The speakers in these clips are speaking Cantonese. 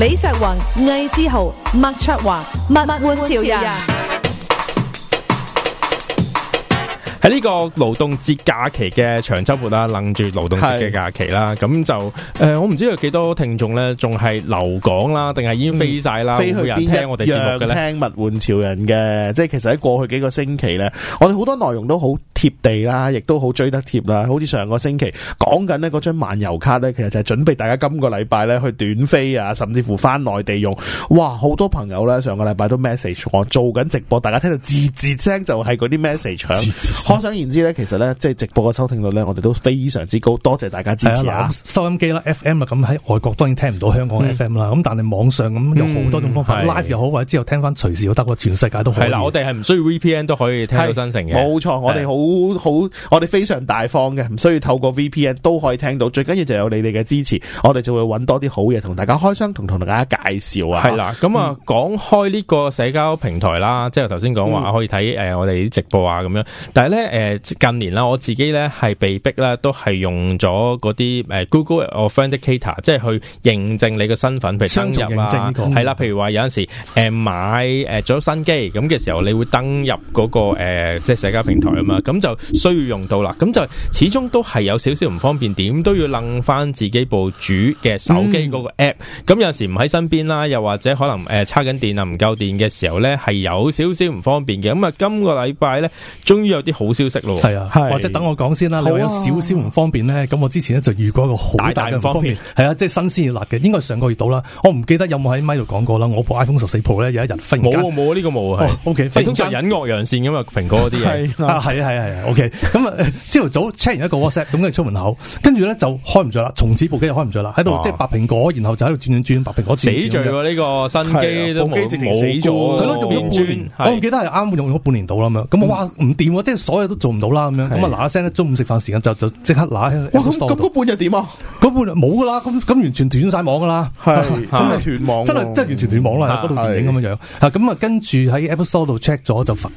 李石宏、魏之豪、麥卓華、物玩潮人，喺呢個勞動節假期嘅長周末啊，楞住勞動節嘅假期啦。咁就誒、呃，我唔知有幾多聽眾咧，仲係留港啦，定係已經飛晒啦、嗯，飛去，去人聽我哋節目嘅樣聽物玩潮人嘅？即係其實喺過去幾個星期咧，我哋好多內容都好。貼地啦，亦都好追得貼啦。好似上個星期講緊呢嗰張漫遊卡咧，其實就係準備大家今個禮拜咧去短飛啊，甚至乎翻內地用。哇，好多朋友咧上個禮拜都 message 我做緊直播，大家聽到吱吱聲就係嗰啲 message 字字字。可想而知咧，其實咧即係直播嘅收聽率咧，我哋都非常之高。多謝大家支持啊！收音機啦，FM 啊，咁、嗯、喺外國當然聽唔到香港 FM 啦。咁但係網上咁有好多種方法、嗯、，live 又好，或者之後聽翻隨時都得，全世界都好。係啦。我哋係唔需要 VPN 都可以聽到新城嘅。冇錯，我哋好。好，好，我哋非常大方嘅，唔需要透過 VPN 都可以聽到。最緊要就有你哋嘅支持，我哋就會揾多啲好嘢同大家開箱，同同大家介紹啊。係啦，咁、嗯、啊，講開呢個社交平台啦，即係頭先講話、嗯、可以睇誒、呃、我哋啲直播啊咁樣，但係咧誒近年啦，我自己咧係被逼咧，都係用咗嗰啲誒 Google Authenticator 即係去認證你嘅身份，譬如登入啊，係、這個、啦，譬如話有陣時誒、呃、買誒咗新機，咁嘅時候，你會登入嗰、那個、呃、即係社交平台啊嘛，咁、嗯。嗯就需要用到啦，咁就始終都係有少少唔方便，點都要楞翻自己部主嘅手機嗰個 app、嗯。咁有陣時唔喺身邊啦，又或者可能誒，叉、呃、緊電啊，唔夠電嘅時候咧，係有少少唔方便嘅。咁啊，今個禮拜咧，終於有啲好消息咯，係啊，或者等我講先啦。你話有少少唔方便咧，咁、啊、我之前咧就遇過一個好大嘅唔方便，係啊，即、就、係、是、新鮮熱辣嘅，應該上個月到啦。我唔記得有冇喺咪度講過啦。我部 iPhone 十四 Pro 咧有一日忽然冇冇呢個冇啊，O K。其、哦、實、okay, 隱惡揚善蘋果嗰啲嘢係係係。 是啊 O K，咁啊，朝頭早 check 完一個 WhatsApp，咁跟住出門口，跟住咧就開唔着啦，從此部機就開唔着啦，喺度、啊、即係白蘋果，然後就喺度轉轉轉白蘋果轉轉，死罪喎呢、這個新機、啊、都冇，機直情死咗，佢都用咗半我唔記得係啱用咗半年度啦咁咁我哇唔掂，即係所有都做唔到啦咁樣，咁啊嗱一聲咧，中午食飯時間就就即刻嗱，哇咁咁嗰半日點啊？嗰半日冇噶啦，咁咁完全斷晒網噶啦，係、 啊、真斷網，真係真係完全斷網啦，嗰電影咁樣樣，咁啊跟住喺 Apple Store 度 check 咗就煩。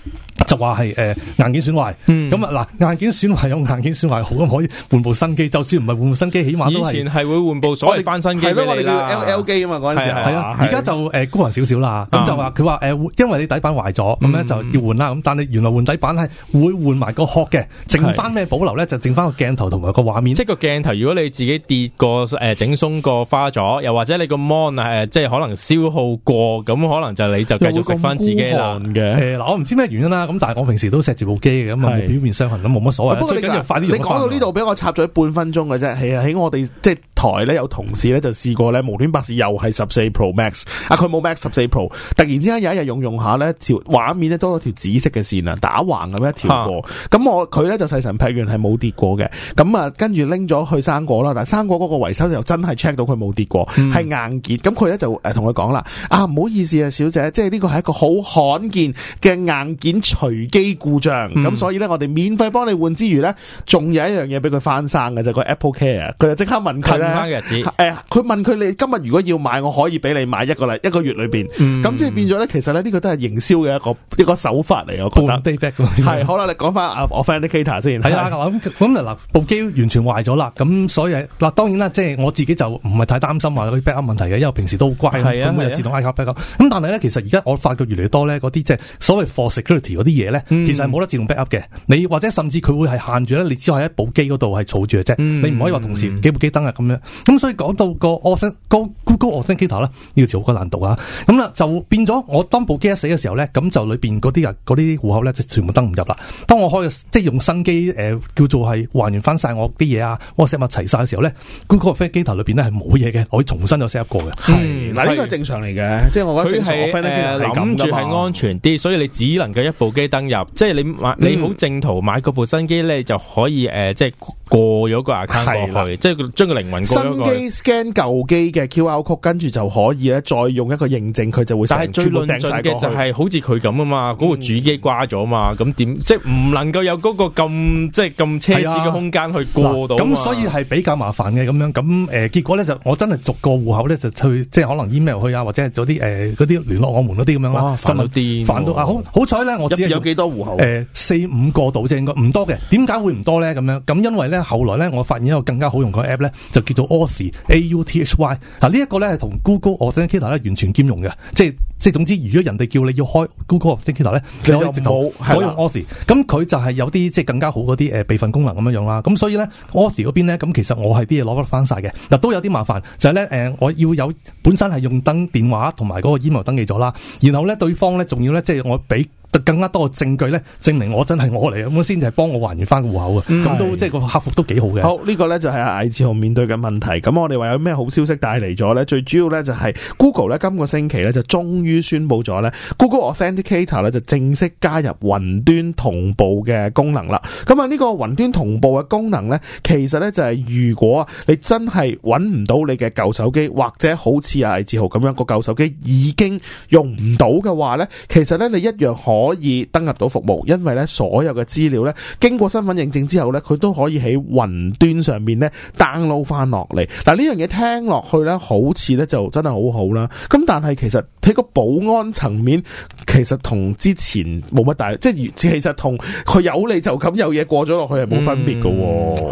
就話係誒硬件損壞，咁啊嗱，硬件損壞、嗯、有硬件損壞好咁可以換部新機，就算唔係換部新機，起碼都係。以前係會換部所謂翻新機嚟啊。係咯，我哋叫 L L 機啊嘛嗰陣時。係啊，而家就誒、呃呃、孤寒少少啦，咁就話佢話誒，因為你底板壞咗，咁咧就要換啦。咁、嗯、但係原來換底板係會換埋個殼嘅，剩翻咩保留咧，就剩翻個鏡頭同埋個畫面。即係個鏡頭，如果你自己跌過誒、呃、整鬆過花咗，又或者你個 mon、呃、即係可能消耗過，咁可能就你就繼續食翻自己啦嘅。嗱、呃，我唔知咩原因啦、啊。咁但係我平時都錫住部機嘅。咁啊，表面傷痕咁冇乜所謂。不過你緊要快啲。你講到呢度俾我插咗半分鐘嘅啫。係啊，喺我哋即係台咧有同事咧就試過咧無端白事又係十四 Pro Max 啊，佢冇 Max 十四 Pro，突然之間有一日用用下咧條畫面咧多咗條紫色嘅線橫啊，打橫咁一條過。咁我佢咧就細神撇完係冇跌過嘅。咁啊，跟住拎咗去生果啦。但係生果嗰個維修就真係 check 到佢冇跌過，係、嗯、硬件。咁佢咧就誒同佢講啦，啊唔好意思啊，小姐，即係呢個係一個好罕見嘅硬件。隨機故障咁，所以咧，我哋免費幫你換之餘咧，仲有一樣嘢俾佢翻生嘅就係個 Apple Care，佢就即刻問佢日子，誒，佢問佢你今日如果要買，我可以俾你買一個禮一個月裏邊，咁即係變咗咧。其實咧呢個都係營銷嘅一個一個手法嚟，我覺得。係，好啦，你講翻我 friend 啲 Kater 先。係啦，咁咁嗱，部機完全壞咗啦，咁所以嗱，當然啦，即係我自己就唔係太擔心話佢 backup 問題嘅，因為平時都好乖，自動 backup。咁但係咧，其實而家我發覺越嚟越多咧，嗰啲即係所謂 for security 嗰啲。嘢咧，其實係冇得自動 backup 嘅。你、嗯、或者甚至佢會係限住咧，你只、嗯、你可以喺一部機嗰度係儲住嘅啫。你唔可以話同時幾部機登啊咁樣，咁所以講到個 Authenticator。Google Authenticator 機頭啦，要好高難度啊！咁啦，就變咗我當部機一死嘅時候咧，咁就裏面嗰啲人嗰啲戶口咧就全部登唔入啦。當我可以即係、就是、用新機、呃、叫做係還原翻晒我啲嘢啊，我 set 埋齊晒嘅時候咧，Google Authenticator 機頭裏面咧係冇嘢嘅，我可以重新又 set 一個嘅。係，呢個正常嚟嘅，即係我覺得正常。佢係諗住係安全啲、嗯，所以你只能夠一部機登入，即係你買你好正途買嗰部新機咧，就可以、呃、即係過咗個 account 去，即係將個靈魂個。新機 scan 舊機嘅 QR。跟住就可以咧，再用一個認證佢就會，但嘅就係好似佢咁啊嘛，嗰、嗯、個主機掛咗啊嘛，咁點即係唔能夠有嗰、那個咁即係咁奢侈嘅空間去過到咁、啊、所以係比較麻煩嘅咁樣咁誒、呃，結果咧就我真係逐個戶口咧就去即係可能 email 去啊，或者係做啲誒嗰啲聯絡我們嗰啲咁樣啦。煩到癲煩到，到啊！好好彩咧，我知有幾多戶口誒，四、呃、五個度啫，應該唔多嘅。點解會唔多咧？咁樣咁因為咧，後來咧我發現一個更加好用個 app 咧，就叫做 Authy、啊。嗱呢一個咧係同 Google Authenticator 咧完全兼容嘅，即係即係總之，如果人哋叫你要開 Google Authenticator 咧，我又冇，係啦 Authy 咁佢就係有啲即係更加好嗰啲誒備份功能咁樣樣啦。咁所以咧 Authy 嗰邊咧，咁其實我係啲嘢攞得翻晒嘅。嗱，都有啲麻煩就係咧，誒，我要有本身係用登電話同埋嗰個 Email 登記咗啦，然後咧對方咧仲要咧即係我俾。更加多嘅證據咧，證明我真係我嚟咁樣先至係幫我還原翻個戶口啊！咁都即係個客服都幾好嘅。好，呢個咧就係阿艾志豪面對嘅問題。咁我哋話有咩好消息帶嚟咗咧？最主要咧就係 Google 咧，今個星期咧就終於宣布咗咧，Google Authenticator 咧就正式加入雲端同步嘅功能啦。咁啊，呢個雲端同步嘅功能咧，其實咧就係如果你真係揾唔到你嘅舊手機，或者好似阿艾志豪咁樣個舊手機已經用唔到嘅話咧，其實咧你一樣可。可以登入到服務，因為咧所有嘅資料咧經過身份認證之後咧，佢都可以喺雲端上面咧 download 翻落嚟。嗱，呢樣嘢聽落去咧，好似咧就真係好好啦。咁但係其實喺個保安層面，其實同之前冇乜大，即係其實同佢有利就咁有嘢過咗落去係冇分別嘅。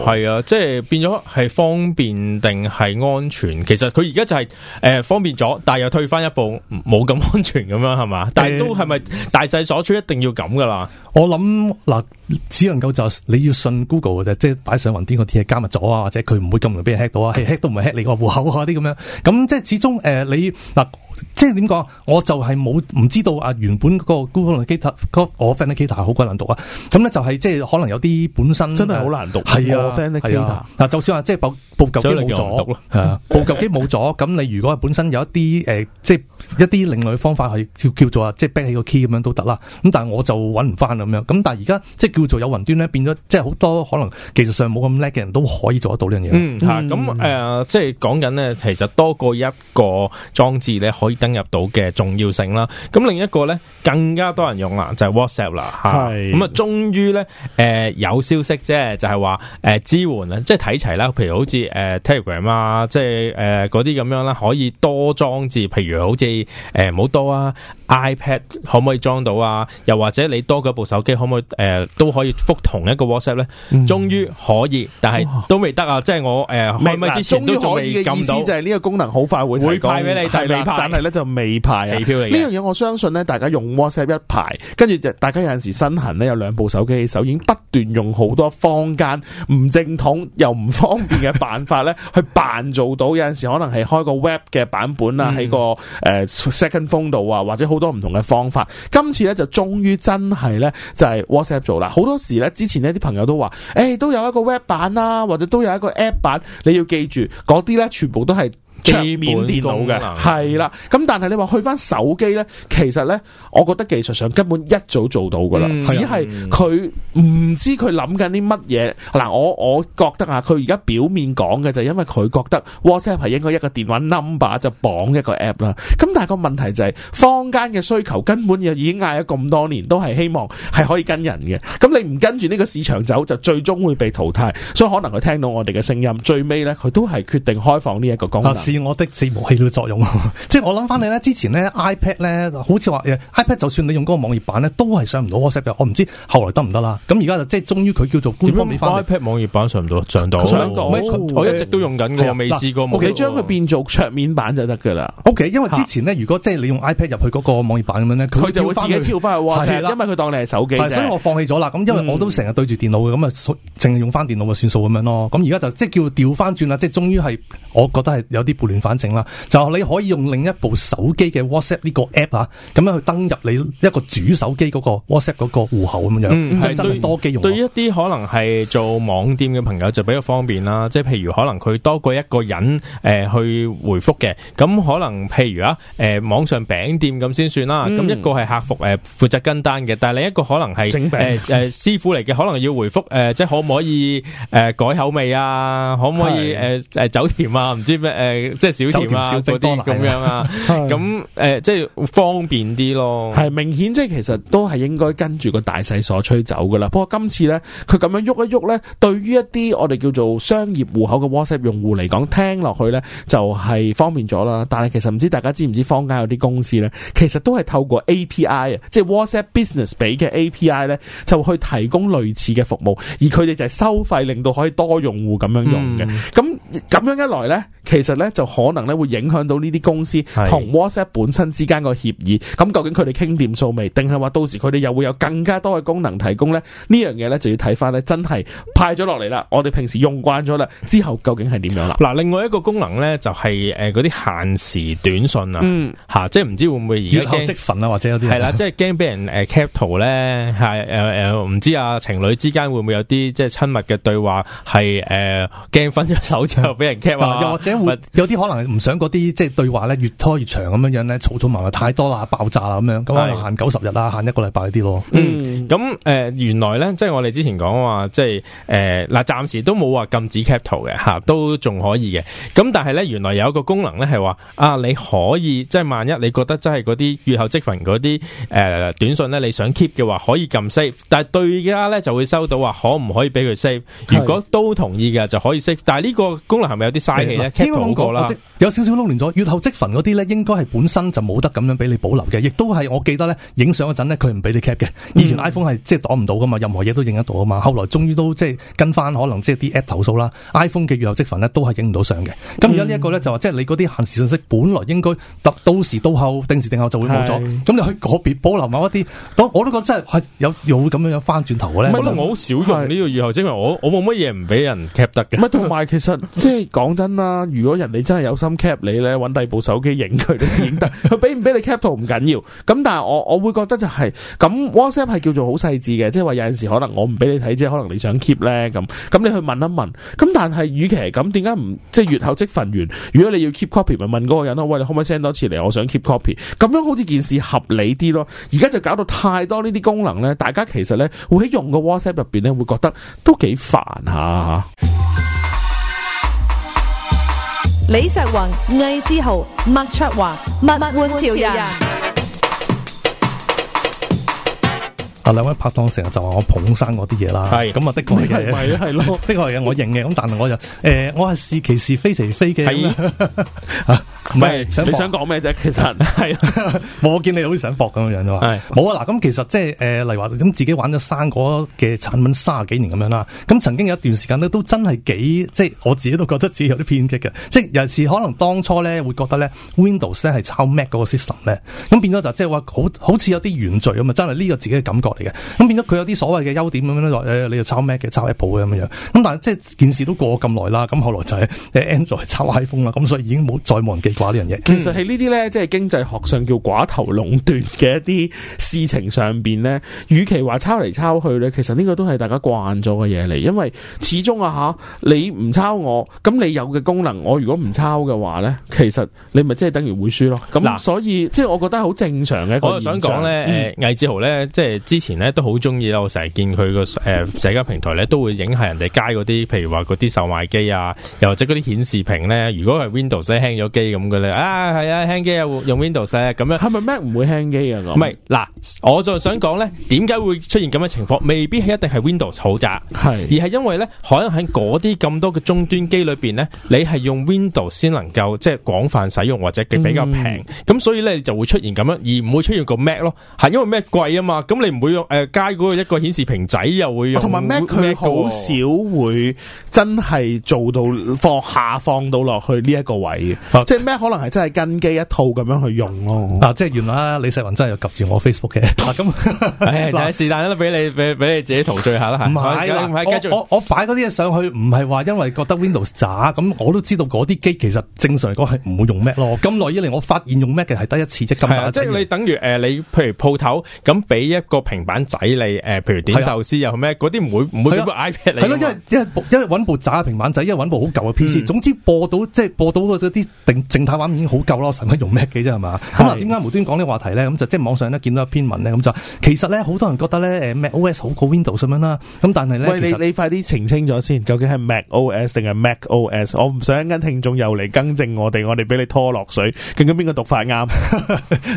係、嗯、啊，即係變咗係方便定係安全？其實佢而家就係、是、誒、呃、方便咗，但係又退翻一步，冇咁安全咁樣係嘛？但係都係咪大細所？一定要咁噶啦！我諗嗱，只能夠就係、你要信 Google 嘅，即係擺上雲端嗰啲嘢加密咗啊，或者佢唔會咁容易俾人 hack 到啊，係 hack 都唔係 hack 你個戶口啊啲咁樣，咁即係始終誒、呃，你嗱。即係點講？我就係冇唔知道啊！原本 Google 個 Google 的 Authenticator，嗰我 friend 的 Authenticator 好鬼難讀啊！咁咧就係即係可能有啲本身真係好難讀，係、uh, uh, yeah, yeah, yeah, 啊，係啊。嗱，就算話即係報報舊機冇咗，係啊，暴舊機冇咗。咁 你如果係本身有一啲誒、呃，即係一啲另外方法去叫叫做啊，即係 back 起個 key 咁樣都得啦。咁但係我就揾唔翻咁樣。咁但係而家即係叫做有雲端咧，變咗即係好多可能技術上冇咁叻嘅人都可以做得到呢樣嘢。嗯，咁、嗯、誒、嗯嗯嗯嗯嗯，即係講緊咧，其實多過一個裝置咧。可以登入到嘅重要性啦，咁另一個咧更加多人用啦，就係、係、WhatsApp 啦吓、咁啊，終於咧誒有消息啫，就係話誒支援啦即係睇齊啦。譬如好似、呃、Telegram 啊，即係誒嗰啲咁樣啦，可以多裝置。譬如好似誒冇多啊 iPad 可唔可以裝到啊？又或者你多幾部手機可唔可以誒、呃、都可以覆同一個 WhatsApp 咧？終於可以，但係都未得啊、哦！即係我誒，因為之前都仲未撳到，就係呢個功能好快會會派俾你，你係係咧就未排 a 票嘅，呢樣嘢我相信咧，大家用 WhatsApp 一排，跟住就大家有陣時身痕咧，有兩部手機手已經不斷用好多坊間唔正統又唔方便嘅辦法咧，去扮做到有陣時可能係開個 Web 嘅版本啊，喺個誒 Second Phone 度啊，或者好多唔同嘅方法。今次咧就終於真係咧就係 WhatsApp 做啦。好多時咧之前呢啲朋友都話，誒、欸、都有一個 Web 版啦，或者都有一個 App 版，你要記住嗰啲咧全部都係。桌面電腦嘅係啦，咁但係你話去翻手機咧，其實咧，我覺得技術上根本一早做到噶啦，只係佢唔知佢諗緊啲乜嘢。嗱，我我覺得啊，佢而家表面講嘅就係因為佢覺得 WhatsApp 係應該一個電話 number 就綁一個 app 啦。咁但係個問題就係坊間嘅需求根本就已經嗌咗咁多年，都係希望係可以跟人嘅。咁你唔跟住呢個市場走，就最終會被淘汰。所以可能佢聽到我哋嘅聲音，最尾咧佢都係決定開放呢一個功能。以我的字幕器嘅作用， 即係我諗翻你咧，之前咧 iPad 咧，好似話 iPad 就算你用嗰個網頁版咧，都係上唔到 WhatsApp 嘅。我唔知後來得唔得啦。咁而家就即係終於佢叫做點樣？iPad 網頁版上唔到，上到、啊啊啊。我一直都用緊嘅，未試過。我幾將佢變做桌面版就得噶啦。O、okay, K，因為之前咧，如果即係你用 iPad 入去嗰個網頁版咁樣咧，佢就會自己跳翻去。係啦，因為佢當你係手機。係，所以我放棄咗啦。咁因為我都成日對住電腦嘅，咁、嗯、啊，淨係用翻電腦嘅算數咁樣咯。咁而家就即係叫調翻轉啦，即係終於係，我覺得係有啲。撥亂反正啦，就你可以用另一部手機嘅 WhatsApp 呢個 app 啊，咁樣去登入你一個主手機嗰個 WhatsApp 嗰個戶口咁樣樣，即係真係多機用。對一啲可能係做網店嘅朋友就比較方便啦，即係譬如可能佢多過一個人誒去回覆嘅，咁可能譬如啊誒網上餅店咁先算啦，咁一個係客服誒負責跟單嘅，但係另一個可能係誒誒師傅嚟嘅，可能要回覆誒，即係可唔可以誒改口味啊？可唔可以誒誒走甜啊？唔知咩誒？即係少點啦，少啲咁樣啊，咁 誒，即、呃、係、就是、方便啲咯。係明顯即係其實都係應該跟住個大勢所趨走噶啦。不過今次咧，佢咁樣喐一喐咧，對於一啲我哋叫做商業戶口嘅 WhatsApp 用戶嚟講，聽落去咧就係、是、方便咗啦。但係其實唔知大家知唔知坊間有啲公司咧，其實都係透過 API 啊，即、就、係、是、WhatsApp Business 俾嘅 API 咧，就去提供類似嘅服務，而佢哋就係收費，令到可以多用戶咁樣用嘅。咁、嗯、咁樣一來咧，其實咧就可能咧，會影響到呢啲公司同 WhatsApp 本身之間個協議。咁究竟佢哋傾掂數未？定係話到時佢哋又會有更加多嘅功能提供咧？呢樣嘢咧就要睇翻咧，真係派咗落嚟啦。我哋平時用慣咗啦，之後究竟係點樣啦？嗱，另外一個功能咧就係誒嗰啲限時短信啊，吓、嗯嗯，即係唔知會唔會而家積分啊，或者有啲係啦，即係驚俾人誒 cap 圖咧，係誒誒，唔、呃呃、知啊情侶之間會唔會有啲即係親密嘅對話係誒驚分咗手之後俾人 cap 又或者會。 有啲可能唔想嗰啲即係對話咧越拖越長咁樣樣咧，嘈嘈埋埋太多啦，爆炸啦咁樣，咁可能限九十日啦，限一個禮拜啲咯。咁、嗯、誒、呃、原來咧，即、就、係、是、我哋之前講話即係誒嗱，暫、就是呃、時都冇話禁止 cap 圖嘅吓、啊、都仲可以嘅。咁、啊、但係咧，原來有一個功能咧係話啊，你可以即係、就是、萬一你覺得真係嗰啲月後積分嗰啲誒短信咧，你想 keep 嘅話可以撳 save 但。但係對家咧就會收到話可唔可以俾佢 save？如果都同意嘅，就可以 save。但係呢個功能係咪有啲嘥氣咧？cap 圖嗰有少少撈亂咗，閱後即焚嗰啲咧，應該係本身就冇得咁樣俾你保留嘅，亦都係我記得咧，影相嗰陣咧，佢唔俾你 cap 嘅。以前 iPhone 係即係擋唔到噶嘛，任何嘢都影得到啊嘛。後來終於都即係跟翻，可能即係啲 app 投訴啦、嗯、iPhone 嘅閱後即焚咧都係影唔到相嘅。咁而家呢一個咧就話，即係你嗰啲限時信息，本來應該特到時到候定時定候就會冇咗，咁你可以個別保留某一啲。我都覺得真係係有有咁樣有翻轉頭嘅咧。唔係，我好少用呢個閱後即焚，我我冇乜嘢唔俾人 cap 得嘅。唔係，同埋其實即係講真啦，如果人哋。真係有心 cap 你咧，搵第二部手機影佢，都影得。佢俾唔俾你 cap 到唔緊要。咁但係我我會覺得就係、是、咁，WhatsApp 係叫做好細緻嘅，即係話有陣時候可能我唔俾你睇，即係可能你想 keep 咧咁。咁你去問一問。咁但係與其咁，點解唔即係閱後即焚完，如果你要 keep copy 咪問嗰個人咯？喂，你可唔可以 send 多次嚟？我想 keep copy。咁樣好似件事合理啲咯。而家就搞到太多呢啲功能咧，大家其實咧會喺用個 WhatsApp 入邊咧會覺得都幾煩吓。啊李石宏、魏志豪、麥卓華、物、物玩潮人。啊！兩位拍檔成日就話我捧生嗰啲嘢啦，係，咁啊，的確係嘅，係啊，係咯，的確係嘅，我認嘅。咁 但係我就，誒、呃，我係是，是其是非其非嘅，係唔係，你想講咩啫？ 其實，係 是啊， 我見你好似想搏咁樣樣啊，係冇啊！嗱，咁其實即係誒例如話咁自己玩咗生果嘅產品卅幾年咁樣啦，咁曾經有一段時間咧，都真係幾即係我自己都覺得自己有啲偏激嘅，即係尤其是可能當初咧會覺得咧 Windows 咧係抄 Mac 嗰個 system 咧，咁變咗就即係話好好似有啲原罪咁啊，真係呢個自己嘅感覺。嚟嘅咁，變咗佢有啲所謂嘅優點咁樣咧，誒，你又抄咩嘅？抄 Apple 嘅咁樣，咁但係即係件事都過咁耐啦，咁後來就係誒 Android 抄 iPhone 啦，咁所以已經冇再冇人記掛呢樣嘢。其實喺呢啲咧，即係經濟學上叫寡頭壟斷嘅一啲事情上邊咧，與其話抄嚟抄去咧，其實呢個都係大家慣咗嘅嘢嚟，因為始終啊嚇，你唔抄我，咁你有嘅功能，我如果唔抄嘅話咧，其實你咪即係等於會輸咯。咁所以即係我覺得好正常嘅一個現象咧。我又想講咧，誒、嗯，魏志豪咧，即係以前咧都好中意啦，我成日見佢個誒社交平台咧都會影下人哋街嗰啲，譬如話嗰啲售賣機啊，又或者嗰啲顯示屏咧，如果係 Windows 輕咗機咁嘅咧，啊係啊輕機啊用 Windows 啊咁樣，係咪 Mac 唔會輕機啊？唔係嗱，我就想講咧，點解會出現咁嘅情況？未必係一定係 Windows 好雜，係而係因為咧可能喺嗰啲咁多嘅終端機裏邊咧，你係用 Windows 先能夠即係廣泛使用或者嘅比較平，咁、嗯、所以咧就會出現咁樣，而唔會出現個 Mac 咯，係因為 Mac 貴啊嘛？咁你唔會。用誒、呃，加嗰個一個顯示屏仔又會用，同埋咩？佢好少會真係做到放下放到落去呢一個位，即係咩可能係真係跟機一套咁樣去用咯、啊啊。即係原來李世雲真係有及住我的 Facebook 嘅。嗱 咁、啊，誒、哎，是但啦，俾你俾俾你自己陶醉下啦，係、啊、我我擺嗰啲嘢上去，唔係話因為覺得 Windows 渣，咁我都知道嗰啲機其實正常嚟講係唔會用 Mac，咯。咁耐以嚟，我發現用 Mac 嘅係得一次即係咁，即係你等於誒、呃，你譬如鋪頭咁俾一個平板仔你誒，譬如點壽司又咩？嗰啲唔會唔會用 iPad 嚟？係咯，因為因為因為搵部渣平板仔，因為搵部好舊嘅 PC。總之播到即係播到嗰啲定靜態畫面已經好夠咯，使乜用 Mac 機啫係嘛？咁啊，點解無端講呢個話題咧？咁就即係網上咧見到一篇文咧，咁就其實咧好多人覺得咧誒 Mac OS 好過 Windows 咁樣啦。咁但係咧，喂，你你快啲澄清咗先，究竟係 Mac OS 定係 Mac OS？我唔想一陣聽眾又嚟更正我哋，我哋俾你拖落水，究竟邊個讀法啱？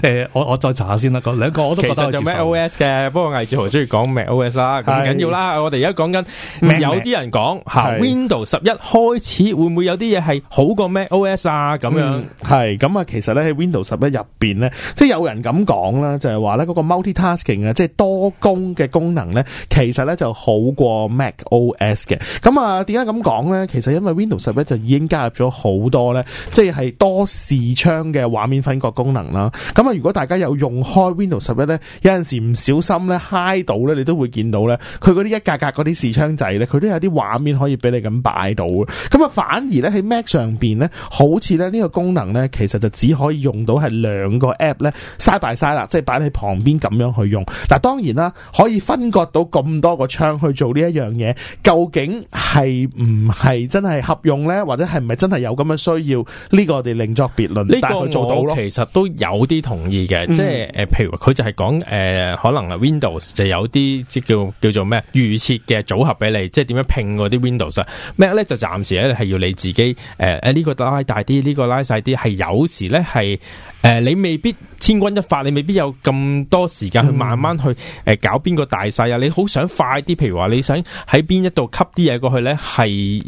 誒，我我再查下先啦，個兩個我都其實做 Mac OS 嘅？不過魏志豪中意講 Mac OS 啦、啊，唔緊要啦。我哋而家講緊有啲人講吓 Windows 十一開始會唔會有啲嘢係好過 Mac OS 啊？咁樣係咁啊。其實咧喺 Windows 十一入邊咧，即係有人咁講啦，就係話咧嗰個 multi-tasking 啊，即係多工嘅功能咧，其實咧就好過 Mac OS 嘅。咁啊，點解咁講咧？其實因為 Windows 十一就已經加入咗好多咧，即係係多視窗嘅畫面分割功能啦。咁啊，如果大家有用開 Windows 十一咧，有陣時唔小心。咁咧，high 到咧，你都會見到咧，佢嗰啲一格格嗰啲視窗仔咧，佢都有啲畫面可以俾你咁擺到。咁啊，反而咧喺 Mac 上邊咧，好似咧呢個功能咧，其實就只可以用到係兩個 App 咧，晒擺晒啦，即係擺喺旁邊咁樣去用。嗱，當然啦，可以分割到咁多個窗去做呢一樣嘢，究竟係唔係真係合用咧，或者係唔係真係有咁嘅需要？呢、這個我哋另作別論。呢、這個我其實都有啲同意嘅，嗯、即係誒、呃，譬如佢就係講誒，可能 Windows 就有啲即叫叫做咩，預設嘅組合俾你，即點樣拼嗰啲 Windows Mac。Mac 咧就暫時咧係要你自己，誒、呃、呢、呢個拉大啲，呢、呢個拉細啲，係有時咧係。誒、呃，你未必千鈞一髮，你未必有咁多時間去慢慢去誒、嗯、搞邊個大細啊！你好想快啲，譬如話你想喺邊一度吸啲嘢過去咧，係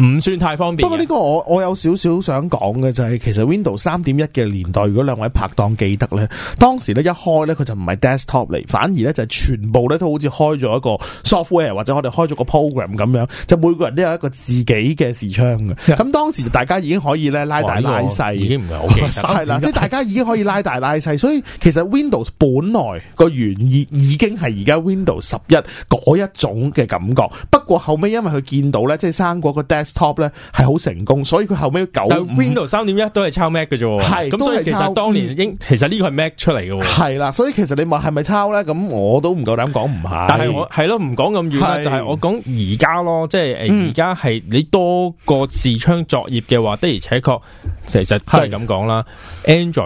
唔算太方便。不過呢個我我有少少想講嘅就係、是，其實 Windows 三點一嘅年代，如果兩位拍檔記得咧，當時咧一開咧佢就唔係 desktop 嚟，反而咧就係全部咧都好似開咗一個 software 或者我哋開咗個 program 咁樣，就每個人都有一個自己嘅視窗嘅。咁 當時大家已經可以咧拉大拉細，哦這個、已經唔係好啦， 即係大家。 已經可以拉大拉細，所以其實 Windows 本來個原意已經係而家 Windows 十一嗰一種嘅感覺。不過後尾因為佢見到咧，即係生果個 Desktop 咧係好成功，所以佢後尾九 Windows 三點一都係抄 Mac 嘅啫。係咁，所以其實當年英、嗯、其實呢個係 Mac 出嚟嘅。係啦，所以其實你話係咪抄咧？咁我都唔夠膽講唔係。但係我係咯，唔講咁遠啦，就係、是、我講而家咯，即係而家係你多個視窗作業嘅話，的而且確其實係咁講啦，Android。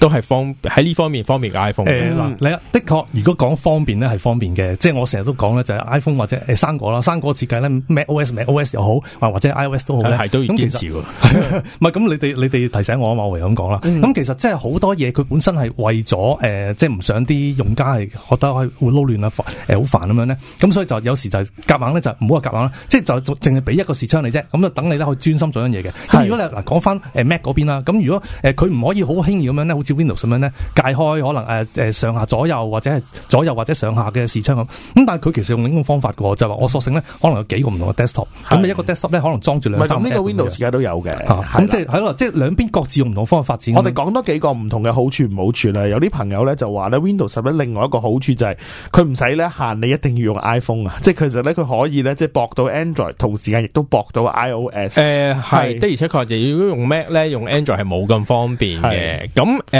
都係方喺呢方面方便的 iPhone 嘅、嗯。誒嗱，嚟的確，如果講方便咧，係方便嘅。即係我成日都講咧，就係、是、iPhone 或者誒，生果啦，生果設計咧，Mac OS、Mac OS 又好，或者 iOS 都好咧。係、嗯嗯，都要堅持嘅。唔係，咁、嗯、 你哋你哋提醒我啊嘛，我咁講啦。咁、嗯、其實即係好多嘢，佢本身係為咗誒，即係唔想啲用家係覺得係會撈亂啊，誒好煩咁樣咧。咁所以就有時就夾硬咧，就唔好話夾硬啦。即係就淨係俾一個視窗你啫，咁就等你咧可以專心做一樣嘢嘅。咁如果你嗱講翻誒 Mac 嗰邊啦，咁如果誒佢唔可以好輕易咁樣咧，Windows 咁樣咧，界開可能誒誒、呃、上下左右或者係左右或者上下嘅視窗咁，咁但係佢其實用另一種方法嘅，就話、是、我索性咧可能有幾個唔同嘅 desktop，咁一個 desktop 咧可能裝住兩。咁呢個 Windows 而家都有嘅，咁即係喺即係兩邊各自用唔同方法發展。我哋講多幾個唔同嘅好處唔好處啦。有啲朋友咧就話咧 Windows 十一另外一個好處就係佢唔使咧限你一定要用 iPhone 啊，即係其實咧佢可以咧即係駁到 Android，同時間亦都駁到 iOS、呃。誒係的確，而且確就如果用 Mac 咧，用 Android 係冇咁方便嘅。咁誒。嗯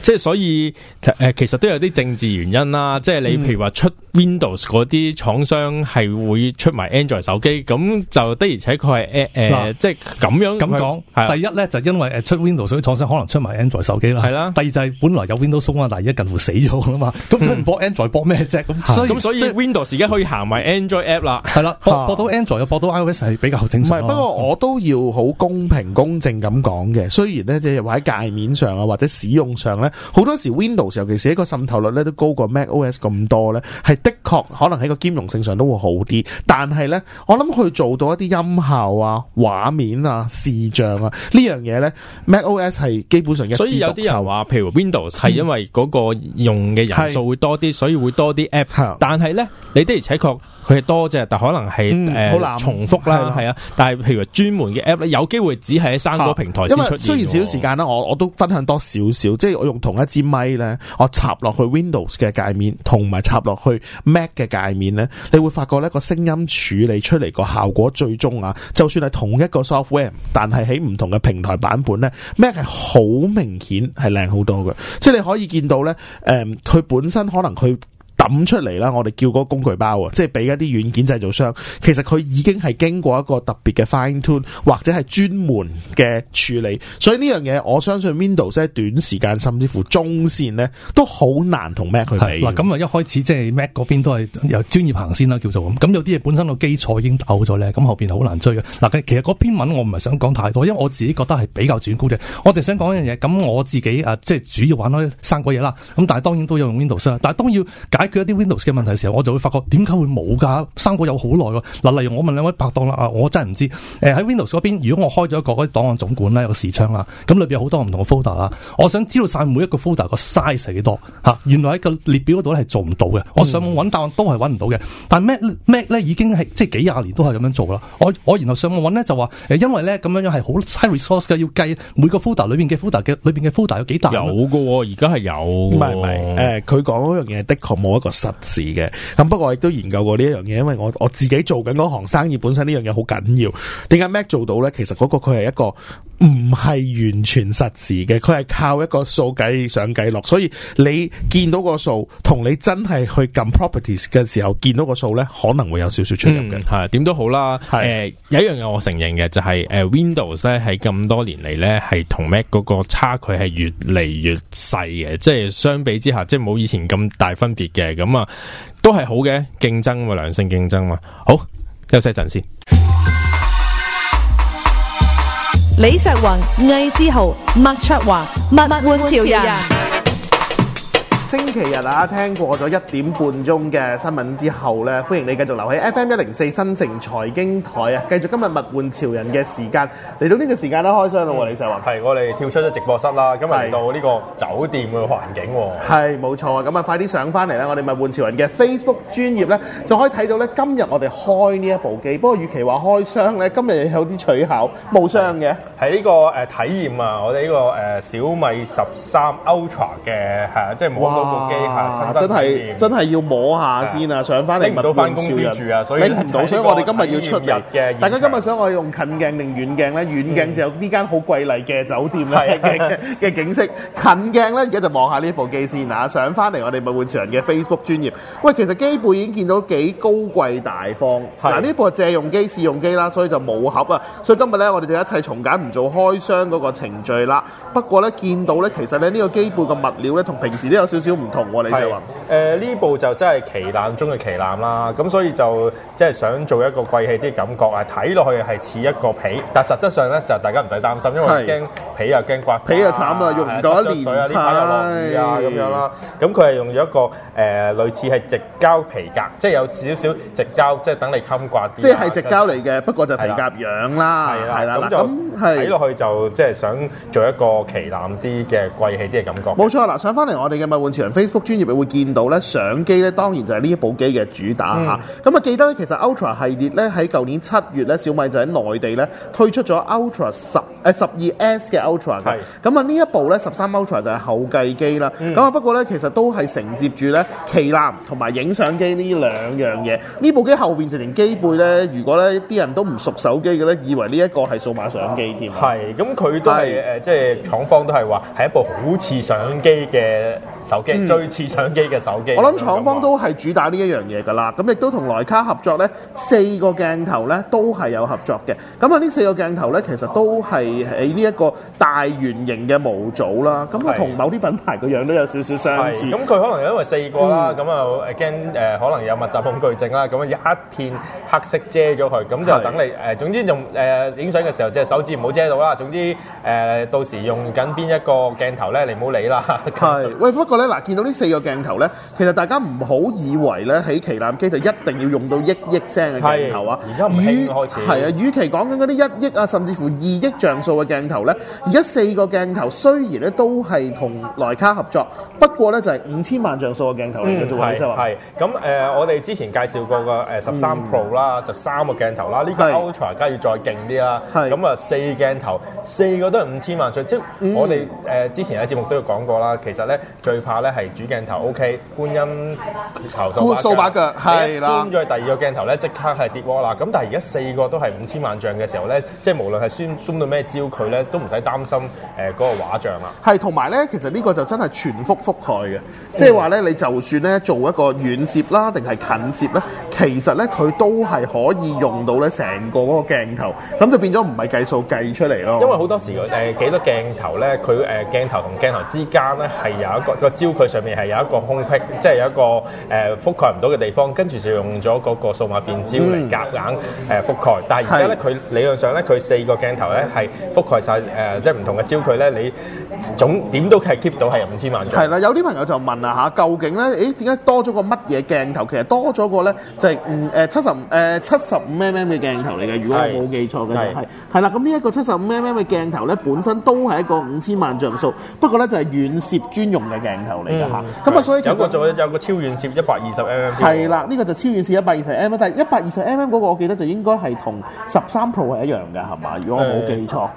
即係所以誒、呃，其實都有啲政治原因啦。即係你譬如話出 Windows 嗰啲廠商係會出埋 Android 手機，咁、嗯、就的而且確係誒，誒、呃啊，即係咁樣咁講。第一咧、啊、就因為誒出 Windows，所以廠商可能出埋 Android 手機啦。係啦、啊。第二就係本來有 Windows 啊，但係而家近乎死咗噶嘛。咁佢唔播 Android 播咩啫？咁、啊、所以即係、啊就是、Windows 而家可以行埋 Android App 啦。係啦、啊，播、啊、到 Android 又播到 iOS 係比較正常。不過、啊、我都要好公平公正咁講嘅，雖然咧即係話喺界面上啊或者使用上咧。好多時 Windows 尤其是一個滲透率咧都高過 MacOS 咁多咧，係的確可能喺個兼容性上都會好啲，但係咧我諗去做到一啲音效啊、畫面啊、視像啊呢樣嘢咧，MacOS 係基本上一枝獨秀，所以有啲人話，譬如 Windows 係因為嗰個用嘅人數會多啲、嗯，所以會多啲 App，但係咧你的而且確。佢係多啫，但可能係誒、好難重複啦，係啊。但係譬如話專門嘅 app 咧，有機會只係喺三個平台先出現。雖然少時間啦，我我都分享多少少，即係我用同一支咪咧，我插落去 Windows 嘅界面，同埋插落去 Mac 嘅界面咧，你會發覺呢個聲音處理出嚟個效果最終啊，就算係同一個 software，但係喺唔同嘅平台版本咧，Mac 係好明顯係靚好多嘅。即係你可以見到咧，誒、嗯，佢本身可能佢。抌出嚟啦！我哋叫嗰個工具包啊，即係俾一啲軟件製造商，其實佢已經係經過一個特別嘅 fine tune 或者係專門嘅處理，所以呢樣嘢我相信 Windows 喺短時間甚至乎中線咧都好難同 Mac 去比。咁啊，一開始即係 Mac 嗰邊都係有專業行先啦，叫做咁。咁有啲嘢本身個基礎已經打好咗咧，咁後邊好難追嘅。嗱，其實嗰篇文我唔係想講太多，因為我自己覺得係比較主觀啫。我就想講一樣嘢，咁我自己啊，即係主要玩開生果嘢啦。咁但係當然都有用 Windows 啦。但係當然要解佢一啲 Windows 嘅問題時候，我就會發覺點解會冇㗎？生果有好耐咯。嗱，例如我問兩位拍檔啦，我真係唔知。誒喺 Windows 嗰邊，如果我開咗一個嗰啲檔案總管啦，一個有個視窗啦，咁裏邊有好多唔同嘅 folder 啦，我想知道曬每一個 folder 個 size 係幾多吓？原來喺個列表嗰度係做唔到嘅。我上網揾答案都係揾唔到嘅。但 Mac Mac 咧已經係即係幾廿年都係咁樣做啦。我我然後上網揾咧就話誒因為咧咁樣樣係好 high resource 嘅，要計每個 folder 裏邊嘅 folder 嘅裏邊嘅 folder 有幾大。有嘅而家係有、哦。唔係唔係佢講嗰樣嘢，呃、的確冇。一個實事嘅，咁不過我亦都研究過呢一樣嘢，因為我我自己做緊嗰行生意，本身呢樣嘢好緊要。點解 Mac 做到咧？其實嗰個佢係一個。唔係完全實時嘅，佢係靠一個數計上計落，所以你見到個數同你真係去撳 Properties 嘅時候見到個數呢，可能會有少少出入嘅。係、嗯、點都好啦，係、呃、有一樣嘢我承認嘅就係、是、誒、呃、Windows 咧，喺咁多年嚟呢，係同 Mac 嗰個差距係越嚟越細嘅，即係相比之下即係冇以前咁大分別嘅，咁啊都係好嘅競爭嘛，良性競爭嘛。好，休息一陣先。李石宏、魏志豪、麥卓華、麥麥玩潮人。星期日啊，聽過咗一點半鐘嘅新聞之後咧，歡迎你繼續留喺 FM 一零四新城財經台啊！繼續今日物玩潮人嘅時間，嚟到呢個時間都開箱啦，你就話。係，我哋跳出咗直播室啦，今日嚟到呢個酒店嘅環境喎。係，冇錯啊！咁啊，快啲上返嚟啦！我哋物玩潮人嘅 Facebook 專頁咧，就可以睇到咧，今日我哋開呢一部機。不過，與其話開箱咧，今日有啲取巧，冇箱嘅。喺呢個誒體驗啊！我哋呢個誒小米十三 Ultra 嘅啊，即係冇。啊、真係真係要摸下先啊，上翻嚟拎到翻公司住啊，所以拎唔到，所以我哋今日要出入嘅。大家今日想我用近鏡定遠鏡咧？遠鏡就有呢間好貴麗嘅酒店嘅嘅、嗯、 景色，近鏡咧而家就望下呢部機先啊！上翻嚟我哋物玩潮人嘅 Facebook 專頁。喂，其實機背已經見到幾高貴大方。嗱，呢部係借用機試用機啦，所以就冇盒啊。所以今日咧，我哋就一切從簡唔做開箱嗰個程序啦。不過咧，見到咧，其實咧呢、呢個機背嘅物料咧，同平時都有少少。都唔同喎，你哋話誒呢部就真係旗艦中嘅旗艦啦，咁所以就即係、就是、想做一個貴氣啲嘅感覺啊！睇落去係似一個皮，但實質上咧就大家唔使擔心，因為驚皮又驚刮皮又慘啊！用咗一年，呢排啲落雨啊咁樣啦。咁佢係用咗一個誒、呃、類似係直膠皮革，即係有少少直膠，即係等你襟刮啲。即係直膠嚟嘅，不過就皮革樣啦。係啦，咁咁睇落去就即係想做一個旗艦啲嘅貴氣啲嘅感覺。冇錯啦，上翻嚟我哋嘅物換。Facebook 專業，你會見到咧相機咧，當然就係呢一部機嘅主打嚇。咁啊，記得咧，其實 Ultra 系列咧喺舊年七月咧，小米就喺內地咧推出咗 Ultra 十誒十二 S 嘅 Ultra 嘅。咁啊，呢一部咧十三 Ultra 就係後繼機啦。咁啊，不過咧其實都係承接住咧旗艦同埋影相機呢兩樣嘢。呢部機後邊就連機背咧，如果咧啲人都唔熟手機嘅咧，以為呢一個係數碼相機添、啊。係，咁佢都係誒，即係、呃就係、廠方都係話係一部好似相機嘅手。最似相機嘅手機，我諗廠方都係主打呢一樣嘢㗎啦。咁亦都同萊卡合作咧，四個鏡頭咧都係有合作嘅。咁啊，呢四個鏡頭咧，其實都係喺呢一個大圓形嘅模組啦。咁啊，同某啲品牌個樣都有少少相似。咁佢可能因為四個啦，咁啊驚誒可能有密集恐懼症啦，咁啊一片黑色遮咗佢，咁就等你誒，總之用，影相嘅時候，即係手指唔好遮到啦。總之，呃，到時用緊邊一個鏡頭咧，你唔好理啦。喂，不過咧嗱。見到呢四個鏡頭咧，其實大家唔好以為咧喺旗艦機就一定要用到億億聲嘅鏡頭啊。而家唔係開始，係啊，與其講緊嗰啲一億啊，甚至乎二億像素嘅鏡頭咧，而家四個鏡頭雖然咧都係同萊卡合作，不過咧就係五千萬像素嘅鏡頭嚟嘅啫喎。係係咁誒，我哋之前介紹過嘅誒十三 Pro 啦、嗯，就三個鏡頭啦，呢、呢個 Ultra 梗要再勁啲啦，咁啊四鏡頭，四個都係五千萬像、嗯，即我哋誒、呃、之前喺節目都有講過啦，其實咧最怕咧。係主鏡頭 OK，觀音頭，掃把腳，係啦。鬆咗第二個鏡頭咧，即刻係跌鍋啦。咁但係而家四個都係五千萬像嘅時候咧，即係無論係鬆鬆到咩焦距咧，都唔使擔心誒嗰個畫像啊。係同埋咧，其實呢個就真係全幅覆、覆蓋嘅，即係話咧，就是、你就算咧做一個遠攝啦，定係近攝咧，其實咧佢都係可以用到咧成個嗰個鏡頭，咁就變咗唔係計數計出嚟咯。因為好多時誒幾、嗯呃、多鏡頭咧，佢誒鏡頭、同、呃、鏡、鏡頭之間咧係有一個一個焦。佢上面係有一個空隙，即、就、係、是、有一個誒、呃、覆蓋唔到嘅地方，跟住就用咗嗰個數碼變焦嚟夾硬誒、呃、覆蓋。但係而家咧，佢理論上咧，佢四個鏡頭咧係覆蓋晒誒、呃，即係唔同嘅焦距咧，你。總點都係 keep 到係五千萬。係啦，有啲朋友就問啦吓，究竟咧，誒，點解多咗個乜嘢鏡頭？其實多咗個咧，就係嗯誒七十誒七十五 mm 嘅鏡頭嚟嘅。如果我冇記錯嘅就係係啦。咁呢一個七十五 mm 嘅鏡頭咧，本身都係一個五千萬像素，不過咧就係遠攝專用嘅鏡頭嚟嘅吓。咁、嗯、啊，所以有個做有有個超遠攝一百二十 mm。係啦，呢、這個就超遠攝一百二十 mm，但係一百二十 mm 嗰個我記得就應該係同十三 Pro 係一樣嘅係嘛？如果我冇記錯。嗯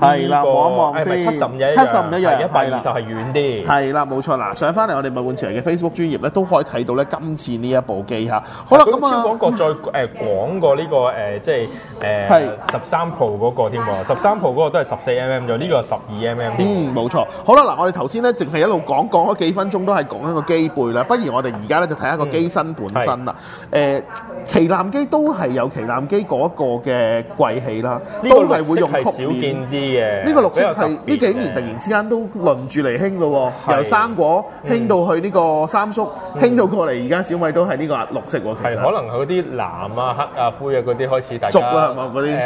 係、這、啦、個，望一望，七十五唔一樣，一百二十係遠啲。係啦，冇錯啦。上翻嚟我哋咪換嚟嘅 Facebook 專頁咧，都可以睇到咧。今次呢一部機吓，好啦咁啊。超廣角再誒廣過呢個誒，即係誒十三 Pro 嗰個添，十三 Pro 嗰個都係十四 mm，就呢個係十二 mm。嗯，冇錯。好啦，嗱，我哋頭先咧淨係一路講講咗幾分鐘都係講一個機背啦。不如我哋而家咧就睇一個機身本身啦。誒、嗯呃，旗艦機都係有旗艦機嗰個嘅貴氣啦，都係會用曲面啲。呢、yeah, 個綠色係呢幾年突然之間都輪住嚟興咯，由生果興到去呢個三叔，興、嗯、到過嚟而家小米都係呢個綠色喎、哦。其實，係可能佢啲藍啊、黑啊、灰啊嗰啲開始大家。足啦、啊，係嘛嗰啲。誒，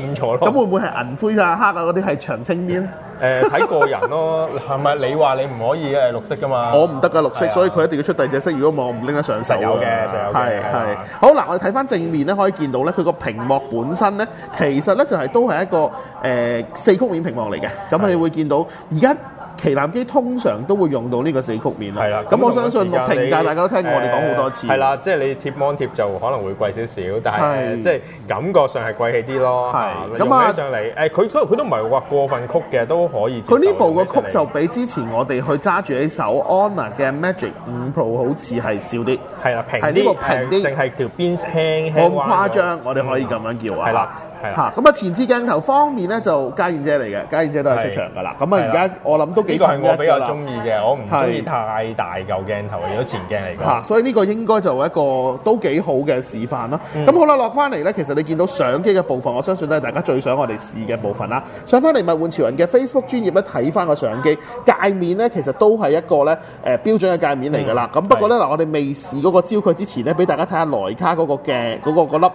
染材咁會唔會係銀灰啊、黑啊嗰啲係長青啲咧？Yeah. 誒、 呃，睇個人咯，係咪你話你唔可以誒、呃、綠色㗎嘛？我唔得㗎綠色，所以佢一定要出第二隻色。如果冇，我唔拎得上手。有嘅，有嘅，係係。好嗱、呃，我哋睇返正面咧，可以見到咧，佢個屏幕本身咧，其實咧就係、是、都係一個誒、呃、四曲面屏幕嚟嘅。咁你會見到而家。旗艦機通常都會用到呢個四曲面啦，咁我相信評價大家都聽過，我哋講好多次。係啦，即係你貼 Mon 貼就可能會貴少少，但係即係感覺上係貴氣啲咯。係咁啊，用起上嚟，誒佢佢都唔係話過分曲嘅，都可以。佢呢部個曲就比之前我哋去揸住喺手，Honor 嘅 Magic 5 Pro 好似係少啲。係啦，平係呢個平啲，淨係條邊輕輕。咁誇張，我哋可以咁樣叫啊。係、嗯、啦，係啦。嚇咁啊！前置鏡頭方面咧，就嘉燕姐嚟嘅，嘉燕姐都係出場噶啦。咁啊，而家我諗都。幾個係我比較中意嘅，我唔中意太大嚿鏡頭，如果前鏡嚟嘅，嚇，所以呢個應該就一個都幾好嘅示範啦。咁、嗯、好啦，落翻嚟呢，其實你見到相機嘅部分，我相信都咧，大家最想我哋試嘅部分啦。上翻嚟麥換潮人嘅 Facebook 專頁咧，睇翻個相機界面呢，其實都係一個咧誒、呃、標準嘅界面嚟噶啦。咁、嗯、不過呢，嗱我哋未試嗰個焦距之前呢，俾大家睇下萊卡嗰個嘅嗰、那個粒。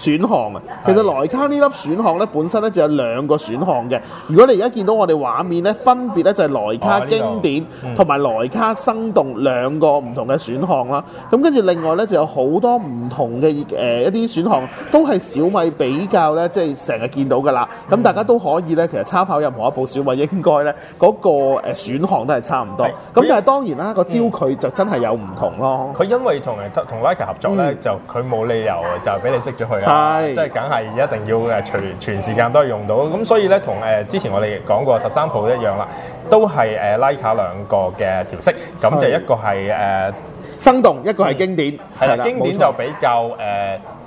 選項啊，其實萊卡呢粒選項咧，本身咧就有兩個選項嘅。如果你而家見到我哋畫面咧，分別咧就係萊卡經典同埋萊卡生動兩個唔同嘅選項啦。咁跟住另外咧就有好多唔同嘅誒一啲選項，都係小米比較咧，即係成日見到㗎喇。咁大家都可以咧，其實參考任何一部小米，應該咧嗰個誒選項都係差唔多。咁但係當然啦，個焦距就真係有唔同咯。佢因為同同人同萊卡合作咧，就佢冇理由就俾你熄咗佢啊。是即係梗係一定要誒，全全時間都係用到，咁所以咧，同誒、呃、之前我哋講過十三 Pro 一樣啦，都係誒 Leica 兩個嘅調色，咁就是一個係誒、呃、生動，一個係經典，係、嗯、啦，經典就比較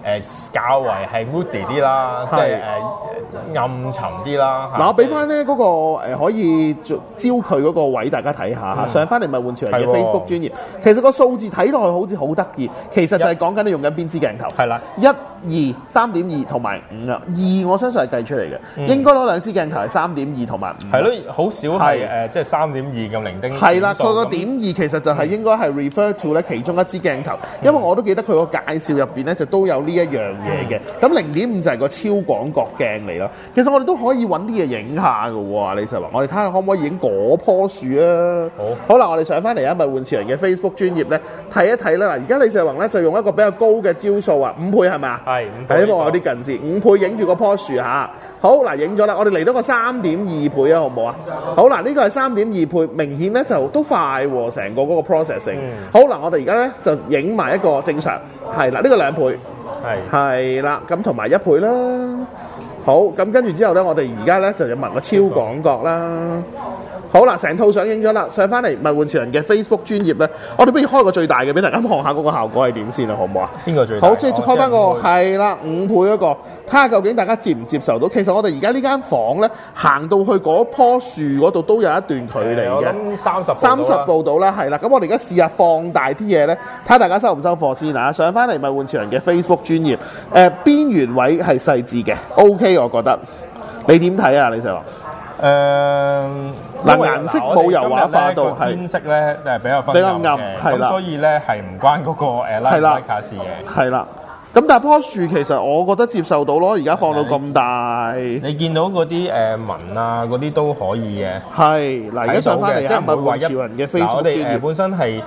誒誒較為係 moody 啲啦，即係誒暗沉啲啦。嗱，我俾翻咧嗰個誒、就是那個、可以焦佢嗰個位，大家睇下吓、嗯，上翻嚟咪換潮人嘅 Facebook 專頁，其實個數字睇落去好似好得意，其實就係講緊你用緊邊支鏡頭，係啦一。二三點二同埋五啊！二我相信係計出嚟嘅、嗯，應該攞兩支鏡頭係三點二同埋五。係咯，好少係誒，即係三點二咁零丁。係啦，佢個點二其實就係應該係 refer to 咧其中一支鏡頭，嗯、因為我都記得佢個介紹入邊咧就都有呢、嗯、一樣嘢嘅。咁零點五就係個超廣角鏡嚟咯。其實我哋都可以揾啲嘢影下嘅喎，李世宏。我哋睇下可唔可以影嗰棵樹啊？好，好啦，我哋上翻嚟啊！物玩潮人嘅 Facebook 專頁咧，睇一睇啦。而家李世宏咧就用一個比較高嘅焦數啊，五倍係咪啊？係，呢個有啲近視，五倍影住嗰棵樹嚇。好嗱，影咗啦，我哋嚟到個三點二倍啊，好唔好啊？好嗱，呢個係三點二倍，明顯咧就都快喎，成個嗰個 processing、嗯。好嗱，我哋而家咧就影埋一個正常，係啦，呢個兩倍，係，係啦，咁同埋一倍啦。好，咁跟住之後咧，我哋而家咧就要問個超廣角啦。好啦，成套上映咗啦，上翻嚟咪換潮人嘅 Facebook 專頁咧。我哋不如開個最大嘅，俾大家看下嗰個效果係點先啦，好唔好啊？邊個最？好，大好即係開翻個係啦，五倍嗰個，睇下究竟大家接唔接受到。其實我哋而家呢間房咧，行到去嗰棵樹嗰度都有一段距離嘅，三十三十步到啦。係啦，咁我哋而家試下放大啲嘢咧，睇下大家收唔收貨先啊。上翻嚟咪換潮人嘅 Facebook 專頁。誒、呃，邊緣位係細緻嘅，OK，我覺得。你點睇啊，李石華？呃顏色冇油畫化到，係色咧，比較分比較暗，所以咧係唔關嗰個拉拉卡斯嘅，係啦。咁但係樖樹其實我覺得接受到咯，而家放到咁大，你見到嗰啲誒紋啊嗰啲都可以嘅。係，嗱，而家上翻嚟即係唔係話一，嗱、嗯，我哋誒本身係。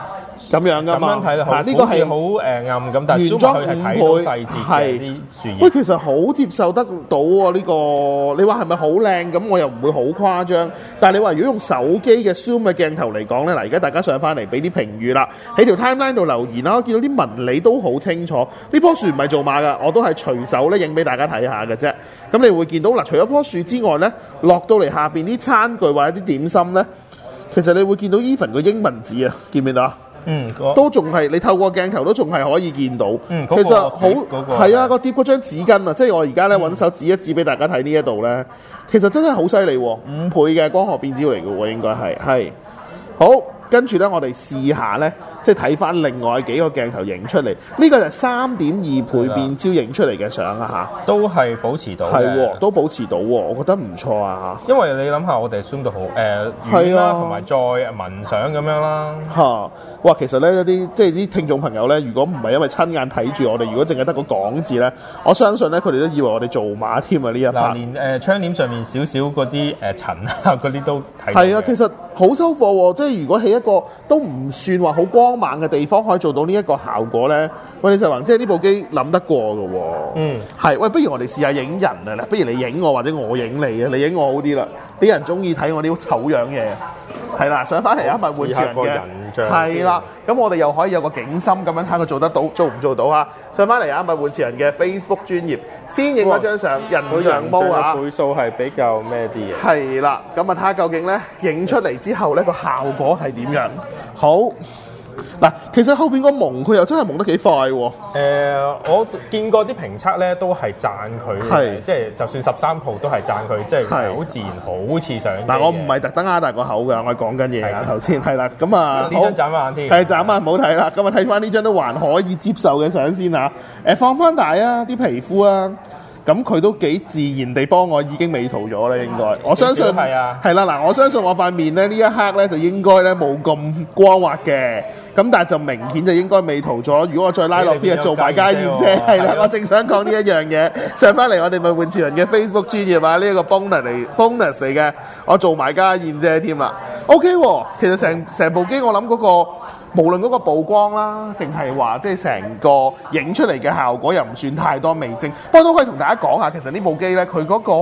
咁樣嘅，冇問題咯。呢、啊呢個係好誒暗咁，但係 zoom 佢係睇到細節嘅啲樹葉喂，其實好接受得到喎、啊、呢、呢個。你話係咪好靚咁？我又唔會好誇張。但你話如果用手機嘅 zoom 嘅鏡頭嚟講咧，嗱，而家大家上翻嚟俾啲評語啦，喺條 timeline 度留言啦，我見到啲文理都好清楚。呢棵樹唔係做馬㗎，我都係隨手咧影俾大家睇下嘅啫。咁你會見到嗱，除咗棵樹之外咧，落到嚟下面啲餐具或者啲點心咧，其實你會見到 even 個英文字啊，見唔見到啊？嗯，那個、都仲係你透過鏡頭都仲係可以見到。嗯那個、其實好係、OK，那個、啊，那個疊嗰、啊那個嗯、張紙巾啊，即係我而家咧搵手指一指俾大家睇呢一度咧，其實真係好犀利喎，嗯、五倍嘅光學變焦嚟嘅喎，應該係係。好，跟住咧我哋試下咧。即係睇翻另外幾個鏡頭影出嚟，呢、這個就係三點二倍變焦影出嚟嘅相啊！都係保持到，係、啊、都保持到，我覺得唔錯啊！因為你諗下，我哋係宣好誒遠啦，同埋、啊、再聞相咁樣啦、啊、哇，其實咧有啲即係啲聽眾朋友咧，如果唔係因為親眼睇住我哋，如果淨係得個講字咧，我相信咧佢哋都以為我哋做馬添啊！呢一，連誒、呃、窗簾上面少少嗰啲誒塵啊嗰啲都睇係啊，其實好收貨喎！即係如果起一個都唔算話好光猛嘅地方可以做到呢一個效果咧？喂，你就話，即係呢部機諗得過嘅喎。嗯，係喂，不如我哋試下影人啊！不如你影我，或者我影你啊？你影我好啲啦，畀人中意睇我啲醜樣嘢。係啦，上翻嚟啊，咪換攝人嘅人像。係啦，咁我哋又可以有個景深咁樣睇佢做得到，做唔做到啊？上翻嚟啊，咪換攝人嘅 Facebook 專頁，先影一張相，哦、人像模啊。倍數係比較咩啲啊？係啦，咁啊睇下究竟咧，影出嚟之後咧個效果係點樣？好。嗱，其實後邊個蒙佢又真係蒙得幾快喎、呃！我見過啲評測咧，都係讚佢，係即係就算十三號都係讚佢，即係好自然、好似相的。嗱，我唔係特登擘大個口㗎，我係講緊嘢。啊，頭先係啦，咁啊，呢張眨翻眼添，係眨啊，唔好睇啦，咁啊，睇翻呢張都還可以接受嘅相先嚇。誒、啊，放翻大啊，啲皮膚啊！咁佢都幾自然地幫我已經美圖咗啦，應該我相信係啊，係啦嗱，我相信我塊面咧呢一刻咧就應該咧冇咁光滑嘅，咁但係就明顯就應該美圖咗。如果我再拉落啲嘅做埋家宴啫，係啦，我正想講呢一樣嘢上翻嚟，我哋咪換潮人嘅 Facebook 專業嘛？呢一個 bonus 嚟 bonus 嚟嘅，我做埋家宴啫，添啦。OK，其實成成部機我諗嗰、那個。無論嗰個曝光啦，定係話即係成個影出嚟嘅效果又唔算太多味精，不過都可以同大家講下，其實呢部機咧，佢嗰個